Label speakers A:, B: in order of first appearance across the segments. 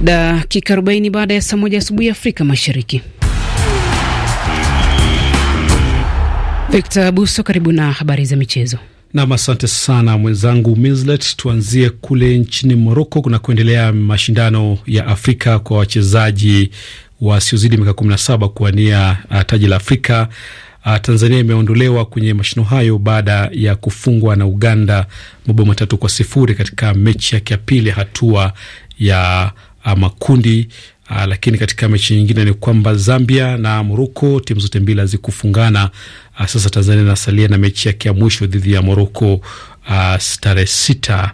A: dakika 40 baada ya saa moja asubuhi Afrika Mashariki. Victor Abuso, karibu na habari za michezo.
B: Nam, asante sana mwenzangu Mislet. Tuanzie kule nchini Moroko, kuna kuendelea mashindano ya Afrika kwa wachezaji wasiozidi miaka 17 kuwania uh, taji la Afrika. Uh, Tanzania imeondolewa kwenye mashindano hayo baada ya kufungwa na Uganda mabao matatu kwa sifuri katika mechi yake ya pili hatua ya uh, makundi uh, lakini katika mechi nyingine ni kwamba Zambia na Moroko, timu zote mbili hazikufungana. Uh, sasa Tanzania inasalia na mechi yake ya mwisho dhidi ya Moroko uh, tarehe sita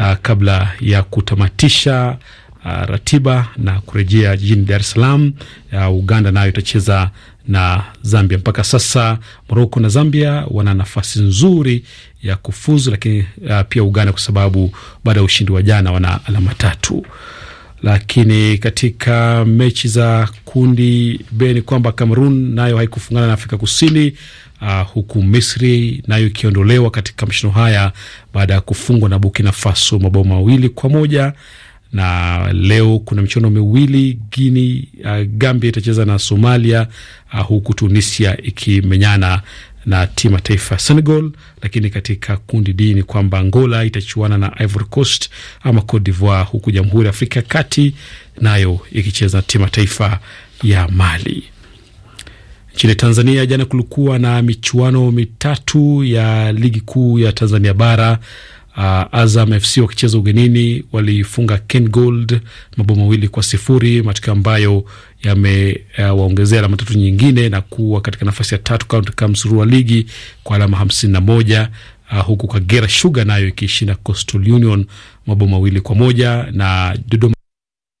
B: uh, kabla ya kutamatisha Uh, ratiba na kurejea jijini Dar es Salaam. Uh, Uganda nayo itacheza na Zambia. Mpaka sasa Moroko na Zambia wana nafasi nzuri ya kufuzu, lakini uh, pia Uganda kwa sababu baada ya ushindi wa jana wana alama tatu. Lakini katika mechi za kundi B ni kwamba Cameroon nayo haikufungana na Afrika Kusini, uh, huku Misri nayo ikiondolewa katika mashindano haya baada ya kufungwa na Burkina Faso mabao mawili kwa moja na leo kuna michuano miwili Guini, uh, ah, Gambia itacheza na Somalia, uh, huku Tunisia ikimenyana na timu ya taifa Senegal. Lakini katika kundi D ni kwamba Angola itachuana na Ivory Coast ama Cote d'Ivoire, huku Jamhuri ya Afrika ya Kati nayo ikicheza na timu ya taifa ya Mali. Nchini Tanzania jana kulikuwa na michuano mitatu ya ligi kuu ya Tanzania bara Uh, Azam FC wakicheza ugenini walifunga Ken Gold mabao mawili kwa sifuri, matokeo ambayo yamewaongezea uh, alama tatu nyingine na kuwa katika nafasi ya tatu katika msururu wa ligi kwa alama hamsini na moja. Uh, huku Kagera Sugar nayo ikiishinda Coastal Union mabao mawili kwa moja na Dodoma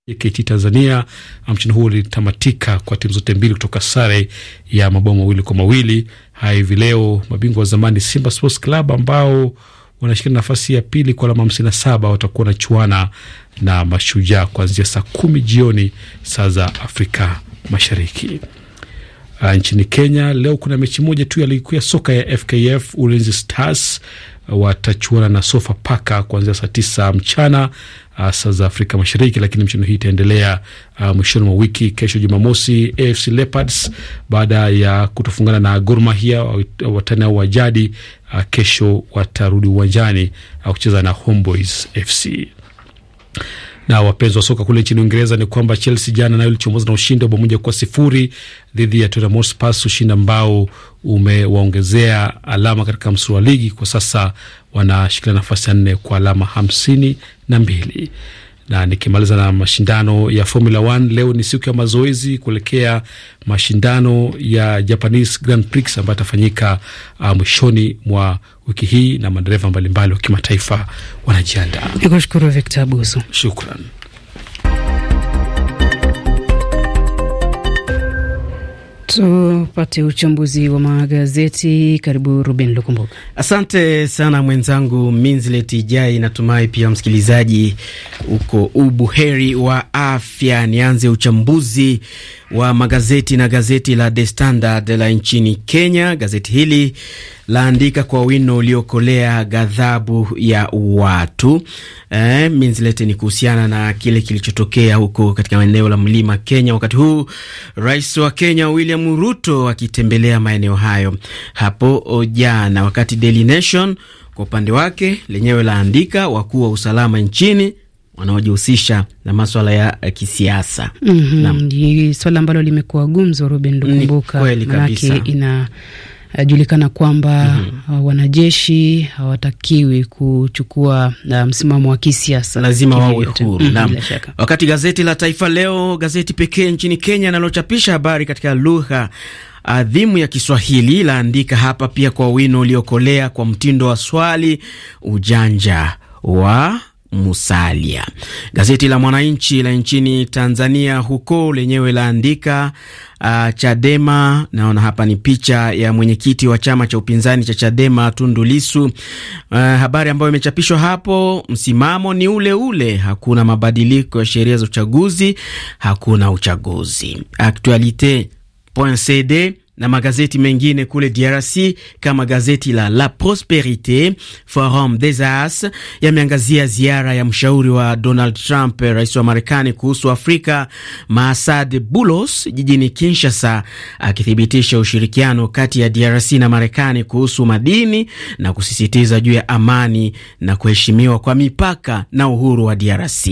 B: JKT Tanzania. Uh, mchezo huo ulitamatika kwa timu zote mbili kutoka sare ya mabao mawili kwa mawili. Hivi leo mabingwa wa zamani Simba Sports Club ambao wanashikilia nafasi ya pili kwa alama saba Watakuwa wanachuana na Mashujaa kuanzia saa kumi jioni saa za Afrika Mashariki. Uh, nchini Kenya leo kuna mechi moja tu ya ligi kuu ya soka ya FKF. Ulinzi Stars ah, watachuana na sofa paka kuanzia saa tisa mchana hasa za Afrika Mashariki, lakini mchuano hii itaendelea uh, mwishoni mwa wiki. Kesho Jumamosi, AFC Leopards baada ya kutofungana na Gor Mahia watani au wajadi uh, kesho watarudi uwanjani uh, kucheza na Homeboys FC na wapenzi wa soka kule nchini Uingereza ni kwamba Chelsea jana nayo ilichomoza na ushindi wa bao moja kwa sifuri dhidi ya Tottenham Hotspur, ushindi ambao umewaongezea alama katika msuru wa ligi. Kwa sasa wanashikilia nafasi ya nne kwa alama hamsini na mbili. Na nikimaliza na mashindano ya Formula 1 leo ni siku ya mazoezi kuelekea mashindano ya Japanese Grand Prix ambayo atafanyika uh, mwishoni mwa wiki hii na madereva mbalimbali wa kimataifa wanajiandaa.
A: Nikushukuru Victor Abuso, shukran. tupate uchambuzi wa magazeti. Karibu Ruben Lukumbuka.
C: Asante sana mwenzangu minlet Ijai, natumai pia msikilizaji uko ubuheri wa afya. Nianze uchambuzi wa magazeti na gazeti la The Standard la nchini Kenya. Gazeti hili laandika kwa wino uliokolea ghadhabu ya watu eh, minslete ni kuhusiana na kile kilichotokea huko katika eneo la mlima Kenya, wakati huu rais wa Kenya William Ruto akitembelea maeneo hayo hapo jana, wakati Daily Nation kwa upande wake lenyewe laandika wakuu wa usalama nchini wanaojihusisha na maswala ya eh, kisiasa. mm
A: -hmm. Swala ambalo limekuwa gumzo, Ruben Lukumbuka, manake ina eh, julikana kwamba mm -hmm. wanajeshi hawatakiwi kuchukua uh, msimamo wa kisiasa, lazima wawe huru. Mhm,
C: wakati gazeti la Taifa Leo, gazeti pekee nchini Kenya analochapisha habari katika lugha adhimu ya Kiswahili laandika hapa pia kwa wino uliokolea kwa mtindo wa swali ujanja wa Musalia. Gazeti la Mwananchi la nchini Tanzania huko lenyewe laandika uh, Chadema. Naona hapa ni picha ya mwenyekiti wa chama cha upinzani cha Chadema Tundu Lissu. Uh, habari ambayo imechapishwa hapo, msimamo ni ule ule, hakuna mabadiliko ya sheria za uchaguzi, hakuna uchaguzi. Actualite CD na magazeti mengine kule DRC kama gazeti la La Prosperite, Forum des As yameangazia ziara ya mshauri wa Donald Trump, rais wa Marekani kuhusu Afrika, Maasad Bulos jijini Kinshasa, akithibitisha ushirikiano kati ya DRC na Marekani kuhusu madini na kusisitiza juu ya amani na kuheshimiwa kwa mipaka na uhuru wa DRC.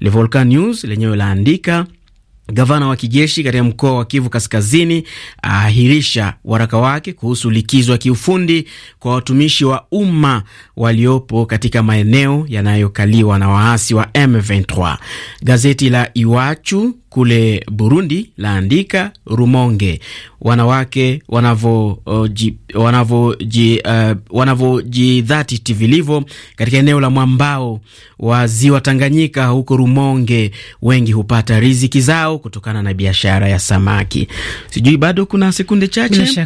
C: Le Volcan News lenyewe laandika Gavana wa kijeshi katika mkoa wa Kivu Kaskazini aahirisha waraka wake kuhusu likizo ya kiufundi kwa watumishi wa umma waliopo katika maeneo yanayokaliwa na waasi wa M23. Gazeti la Iwachu kule Burundi laandika Rumonge wanawake wanavojidhati uh, uh vilivyo katika eneo la mwambao wa ziwa Tanganyika huko Rumonge, wengi hupata riziki zao kutokana na biashara ya samaki. Sijui bado kuna sekunde chache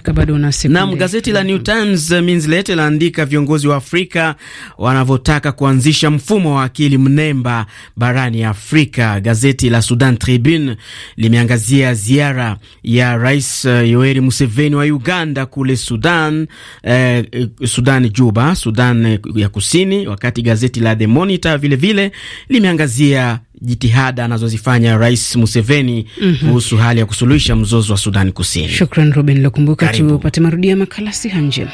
C: nam. Gazeti la New Times uh, Minslete laandika viongozi wa Afrika wanavyotaka kuanzisha mfumo wa akili mnemba barani Afrika. Gazeti la Sudan Tribune Benin limeangazia ziara ya Rais eh, Yoweri Museveni wa Uganda kule Sudan, eh, Sudan Juba, Sudan eh, ya Kusini, wakati gazeti la The Monitor vilevile limeangazia jitihada anazozifanya Rais Museveni mhm. kuhusu mm -hmm. hali ya kusuluhisha mzozo wa Sudan Kusini.
A: Shukran Robin Lokumbuka, tupate marudio ya makala siha njema.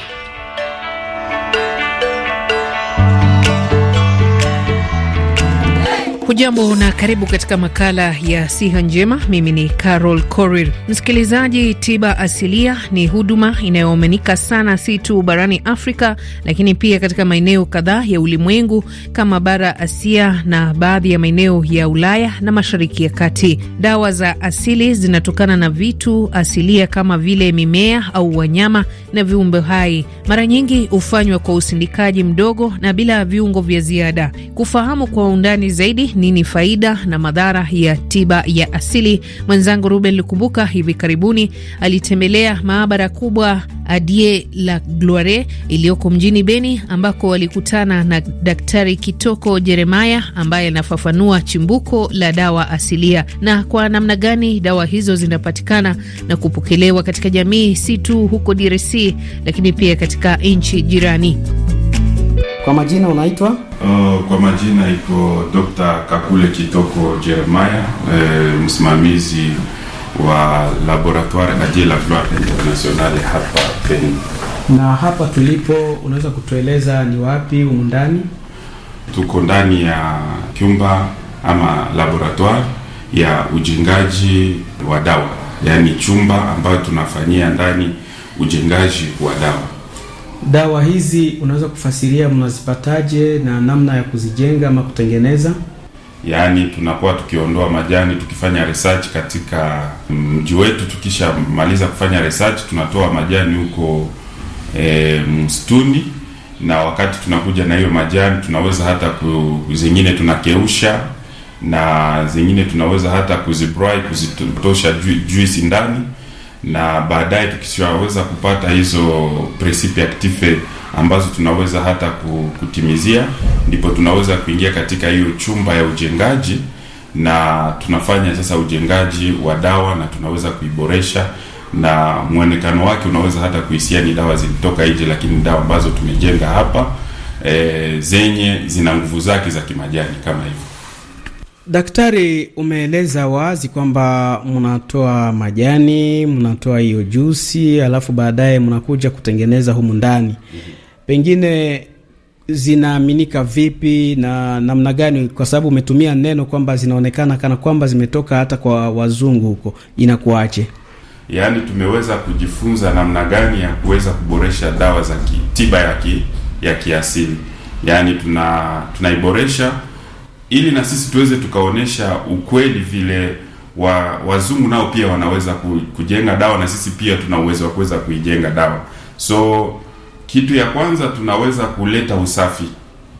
D: Hujambo na karibu katika makala ya siha njema. Mimi ni Carol Korir. Msikilizaji, tiba asilia ni huduma inayoaminika sana, si tu barani Afrika lakini pia katika maeneo kadhaa ya ulimwengu kama bara Asia na baadhi ya maeneo ya Ulaya na mashariki ya kati. Dawa za asili zinatokana na vitu asilia kama vile mimea au wanyama na viumbe hai. Mara nyingi hufanywa kwa usindikaji mdogo na bila viungo vya ziada. Kufahamu kwa undani zaidi nini faida na madhara ya tiba ya asili. Mwenzangu Ruben Lukumbuka hivi karibuni alitembelea maabara kubwa Adie la Gloire iliyoko mjini Beni, ambako walikutana na Daktari Kitoko Jeremaya ambaye anafafanua chimbuko la dawa asilia na kwa namna gani dawa hizo zinapatikana na kupokelewa katika jamii, si tu huko DRC lakini pia katika nchi jirani.
E: Kwa majina unaitwa? Uh, kwa majina iko Dr. Kakule Kitoko Jeremiah, eh, msimamizi wa laboratoire la Lafleur Internationale hapa Beni.
C: Na hapa tulipo, unaweza kutueleza ni wapi humu
E: ndani? Tuko ndani ya chumba ama laboratoire ya ujengaji wa dawa, yaani chumba ambayo tunafanyia ndani ujengaji wa dawa
C: Dawa hizi unaweza kufasiria mnazipataje na namna ya kuzijenga ama kutengeneza?
E: Yaani, tunakuwa tukiondoa majani, tukifanya research katika mji wetu. Tukishamaliza kufanya research, tunatoa majani huko e, msituni, na wakati tunakuja na hiyo majani, tunaweza hata ku, zingine tunakeusha na zingine tunaweza hata kuzibrai kuzitosha juisi ndani na baadaye tukisiwaweza kupata hizo principe active ambazo tunaweza hata kutimizia, ndipo tunaweza kuingia katika hiyo chumba ya ujengaji, na tunafanya sasa ujengaji wa dawa na tunaweza kuiboresha, na mwonekano wake unaweza hata kuhisia ni dawa zilitoka nje, lakini dawa ambazo tumejenga hapa e, zenye zina nguvu zake za kimajani kama hivyo.
C: Daktari, umeeleza wazi kwamba mnatoa majani, mnatoa hiyo juisi, alafu baadaye mnakuja kutengeneza humu ndani. Mhm. Pengine zinaaminika vipi na namna gani? Kwa sababu umetumia neno kwamba zinaonekana kana kwamba zimetoka hata kwa wazungu huko, inakuache?
E: Yaani tumeweza kujifunza namna gani ya kuweza kuboresha dawa za tiba ya ki, ya kiasili, yaani tuna tunaiboresha ili na sisi tuweze tukaonesha ukweli vile wa wazungu nao pia wanaweza kujenga dawa na sisi pia tuna uwezo wa kuweza kuijenga dawa. So kitu ya kwanza tunaweza kuleta usafi,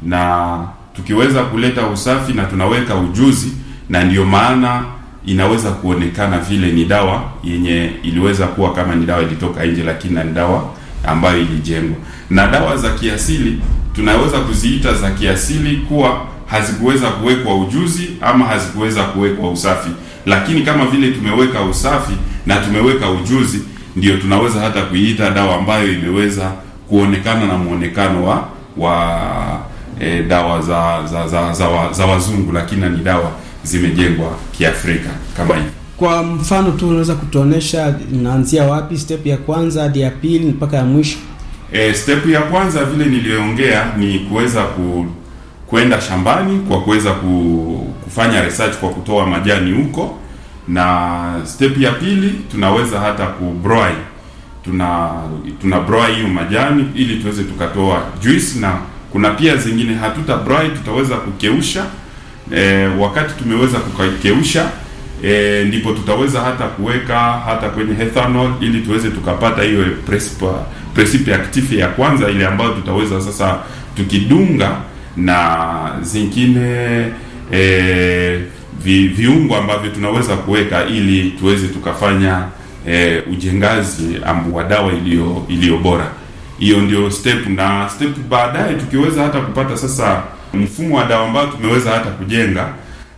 E: na tukiweza kuleta usafi na tunaweka ujuzi, na ndiyo maana inaweza kuonekana vile ni dawa yenye iliweza kuwa kama ni dawa ilitoka nje, lakini ni dawa ambayo ilijengwa. Na dawa za kiasili tunaweza kuziita za kiasili kuwa hazikuweza kuwekwa ujuzi ama hazikuweza kuwekwa usafi, lakini kama vile tumeweka usafi na tumeweka ujuzi, ndio tunaweza hata kuiita dawa ambayo imeweza kuonekana na mwonekano wa wa e, dawa za za, za, za, wa, za wazungu, lakini ni dawa zimejengwa Kiafrika kama hivi.
C: Kwa mfano tu unaweza kutuonesha inaanzia wapi, step ya kwanza hadi ya pili mpaka ya mwisho?
E: E, step ya kwanza vile niliongea ni kuweza ku kwenda shambani kwa kuweza kufanya research kwa kutoa majani huko, na step ya pili tunaweza hata kubroil tuna tuna broil hiyo majani ili tuweze tukatoa juice, na kuna pia zingine hatuta broil, tutaweza kukeusha. E, wakati tumeweza kukeusha e, ndipo tutaweza hata kuweka hata kwenye ethanol ili tuweze tukapata hiyo principe active ya kwanza ile ambayo tutaweza sasa tukidunga na zingine e, vi, viungo ambavyo tunaweza kuweka ili tuweze tukafanya e, ujengazi wa dawa iliyo iliyo bora. Hiyo ndio step na step, baadaye tukiweza hata kupata sasa mfumo wa dawa ambao tumeweza hata kujenga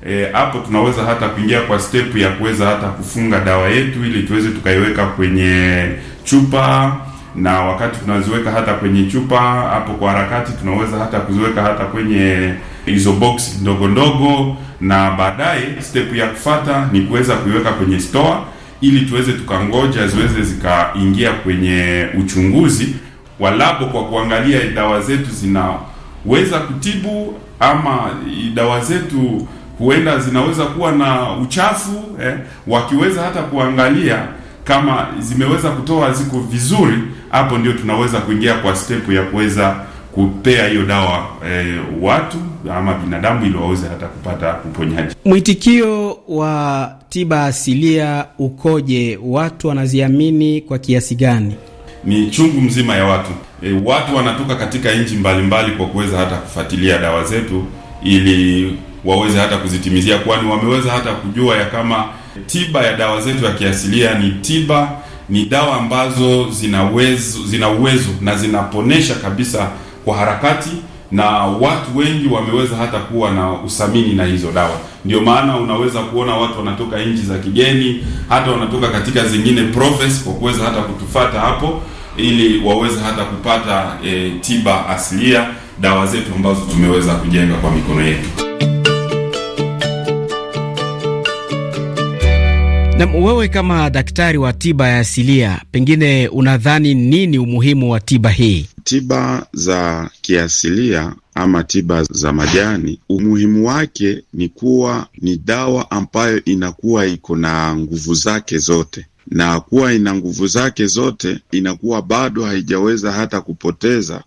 E: e, hapo e, tunaweza hata kuingia kwa step ya kuweza hata kufunga dawa yetu ili tuweze tukaiweka kwenye chupa na wakati tunaziweka hata kwenye chupa hapo kwa harakati, tunaweza hata kuziweka hata kwenye hizo box ndogo ndogo, na baadaye step ya kufata ni kuweza kuiweka kwenye store ili tuweze tukangoja ziweze zikaingia kwenye uchunguzi wa labo kwa kuangalia dawa zetu zinaweza kutibu ama dawa zetu huenda zinaweza kuwa na uchafu eh, wakiweza hata kuangalia kama zimeweza kutoa ziko vizuri hapo ndio tunaweza kuingia kwa step ya kuweza kupea hiyo dawa e, watu ama binadamu ili waweze hata kupata uponyaji.
C: Mwitikio wa tiba asilia ukoje? Watu wanaziamini kwa kiasi gani?
E: Ni chungu mzima ya watu e, watu wanatoka katika nchi mbalimbali kwa kuweza hata kufuatilia dawa zetu ili waweze hata kuzitimizia, kwani wameweza hata kujua ya kama tiba ya dawa zetu ya kiasilia ni tiba ni dawa ambazo zina uwezo, zina uwezo na zinaponesha kabisa kwa harakati, na watu wengi wameweza hata kuwa na usamini na hizo dawa. Ndio maana unaweza kuona watu wanatoka nchi za kigeni, hata wanatoka katika zingine province kwa kuweza hata kutufata hapo ili waweze hata kupata e, tiba asilia, dawa zetu ambazo tumeweza kujenga kwa mikono yetu.
C: Na wewe kama daktari wa tiba ya asilia, pengine unadhani nini umuhimu wa tiba hii?
E: Tiba za kiasilia ama tiba za majani, umuhimu wake ni kuwa ni dawa ambayo inakuwa iko na nguvu zake zote na kuwa ina nguvu zake zote, inakuwa bado haijaweza hata kupoteza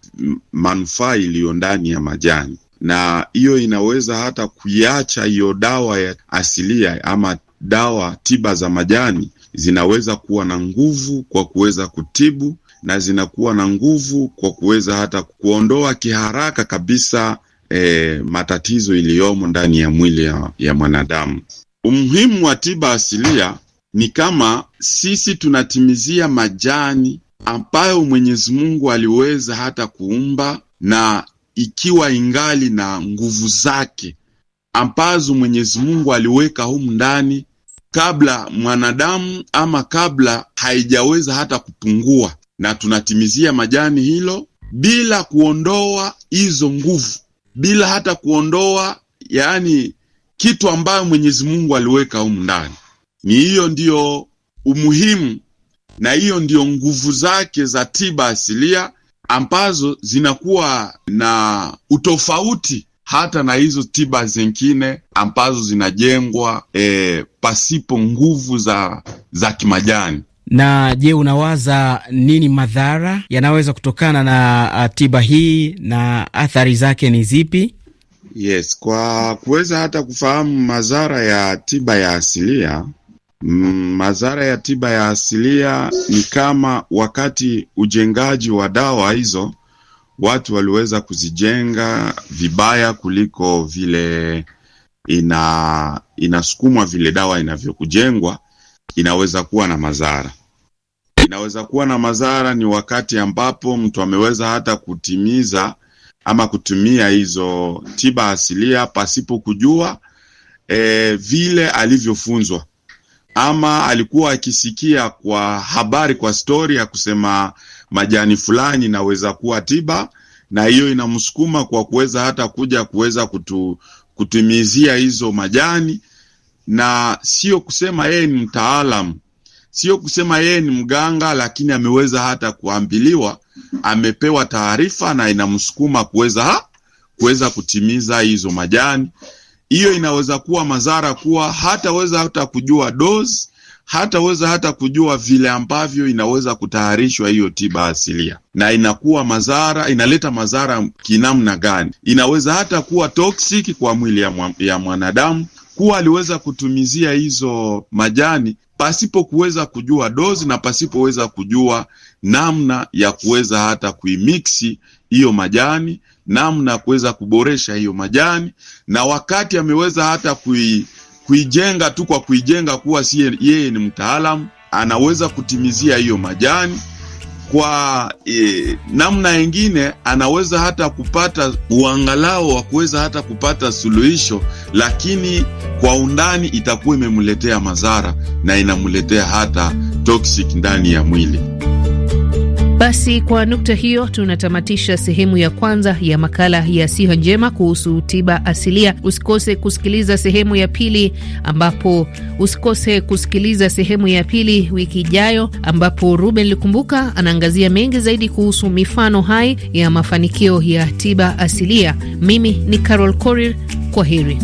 E: manufaa iliyo ndani ya majani, na hiyo inaweza hata kuiacha hiyo dawa ya asilia ama dawa tiba za majani zinaweza kuwa na nguvu kwa kuweza kutibu na zinakuwa na nguvu kwa kuweza hata kuondoa kiharaka kabisa e, matatizo iliyomo ndani ya mwili ya, ya mwanadamu. Umuhimu wa tiba asilia ni kama sisi tunatimizia majani ambayo Mwenyezi Mungu aliweza hata kuumba na ikiwa ingali na nguvu zake ambazo Mwenyezi Mungu aliweka humu ndani kabla mwanadamu ama kabla haijaweza hata kupungua, na tunatimizia majani hilo bila kuondoa hizo nguvu, bila hata kuondoa yaani kitu ambayo Mwenyezi Mungu aliweka humu ndani. Ni hiyo ndiyo umuhimu na hiyo ndiyo nguvu zake za tiba asilia ambazo zinakuwa na utofauti hata na hizo tiba zingine ambazo zinajengwa e, pasipo nguvu za, za kimajani.
C: Na je, unawaza nini madhara yanaweza kutokana na tiba hii na athari zake ni
E: zipi? Yes, kwa kuweza hata kufahamu madhara ya tiba ya asilia mm, madhara ya tiba ya asilia ni kama wakati ujengaji wa dawa hizo watu waliweza kuzijenga vibaya kuliko vile ina inasukumwa vile dawa inavyokujengwa, inaweza kuwa na madhara. Inaweza kuwa na madhara ni wakati ambapo mtu ameweza hata kutimiza ama kutumia hizo tiba asilia pasipo kujua e, vile alivyofunzwa ama alikuwa akisikia kwa habari, kwa stori ya kusema majani fulani inaweza kuwa tiba, na hiyo inamsukuma kwa kuweza hata kuja kuweza kutu, kutimizia hizo majani, na sio kusema yeye ni mtaalamu, sio kusema yeye ni mganga, lakini ameweza hata kuambiliwa, amepewa taarifa na inamsukuma kuweza kuweza kutimiza hizo majani. Hiyo inaweza kuwa madhara kuwa hataweza hata kujua dozi hataweza hata kujua vile ambavyo inaweza kutayarishwa hiyo tiba asilia, na inakuwa madhara, inaleta madhara kinamna gani. Inaweza hata kuwa toksiki kwa mwili ya mwanadamu, kuwa aliweza kutumizia hizo majani pasipo kuweza kujua dozi na pasipoweza kujua namna ya kuweza hata kuimiksi hiyo majani, namna ya kuweza kuboresha hiyo majani, na wakati ameweza hata kui kuijenga tu kwa kuijenga kuwa si yeye ni mtaalamu, anaweza kutimizia hiyo majani kwa e, namna nyingine anaweza hata kupata uangalao wa kuweza hata kupata suluhisho, lakini kwa undani itakuwa imemletea madhara na inamletea hata toxic ndani ya mwili.
D: Basi kwa nukta hiyo tunatamatisha sehemu ya kwanza ya makala ya siha njema kuhusu tiba asilia. Usikose kusikiliza sehemu ya pili ambapo usikose kusikiliza sehemu ya pili wiki ijayo, ambapo Ruben Likumbuka anaangazia mengi zaidi kuhusu mifano hai ya mafanikio ya tiba asilia. Mimi ni Carol Korir, kwa heri.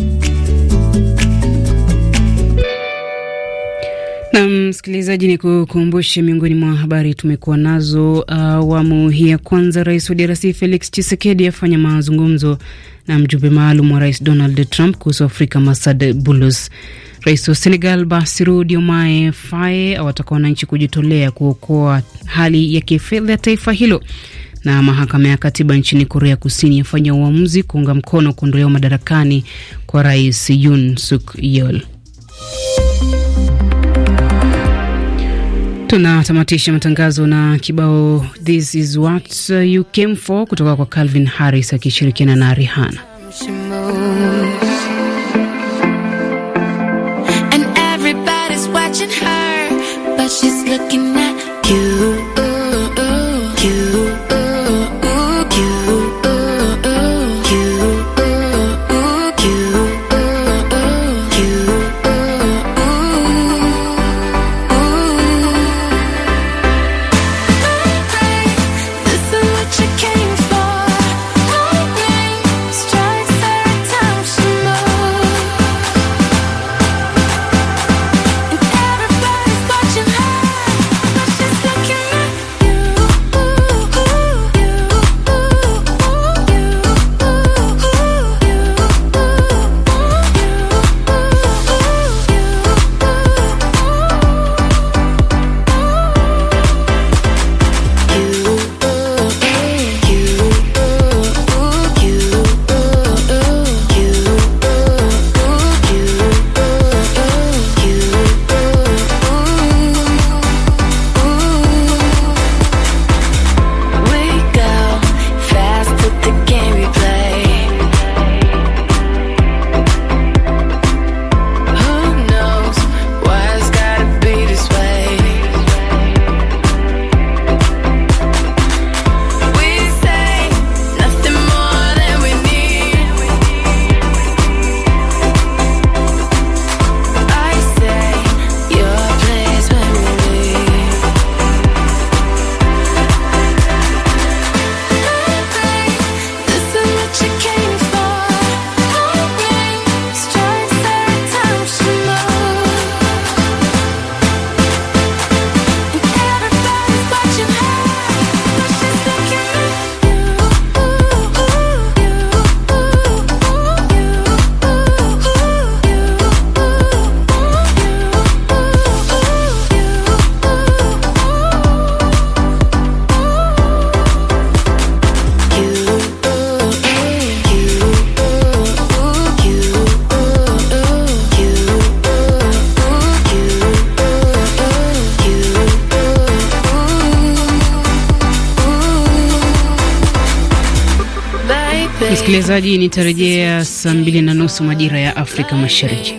A: Na msikilizaji, ni kukumbushe miongoni mwa habari tumekuwa nazo uh, awamu uh, hii ya kwanza. Rais wa DRC Felix Tshisekedi afanya mazungumzo na mjumbe maalum wa rais Donald Trump kuhusu Afrika Masad Bulus. Rais wa Senegal Bassirou Diomaye Faye awataka wananchi kujitolea kuokoa hali ya kifedha ya taifa hilo. Na mahakama ya katiba nchini Korea Kusini yafanya uamuzi kuunga mkono kuondolewa madarakani kwa rais Yoon Suk Yeol. Tunatamatisha matangazo na kibao This is what you came for kutoka kwa Calvin Harris akishirikiana na Rihanna.
D: And everybody's watching her, but she's looking
A: Msikilizaji, nitarejea saa mbili na nusu majira ya Afrika Mashariki.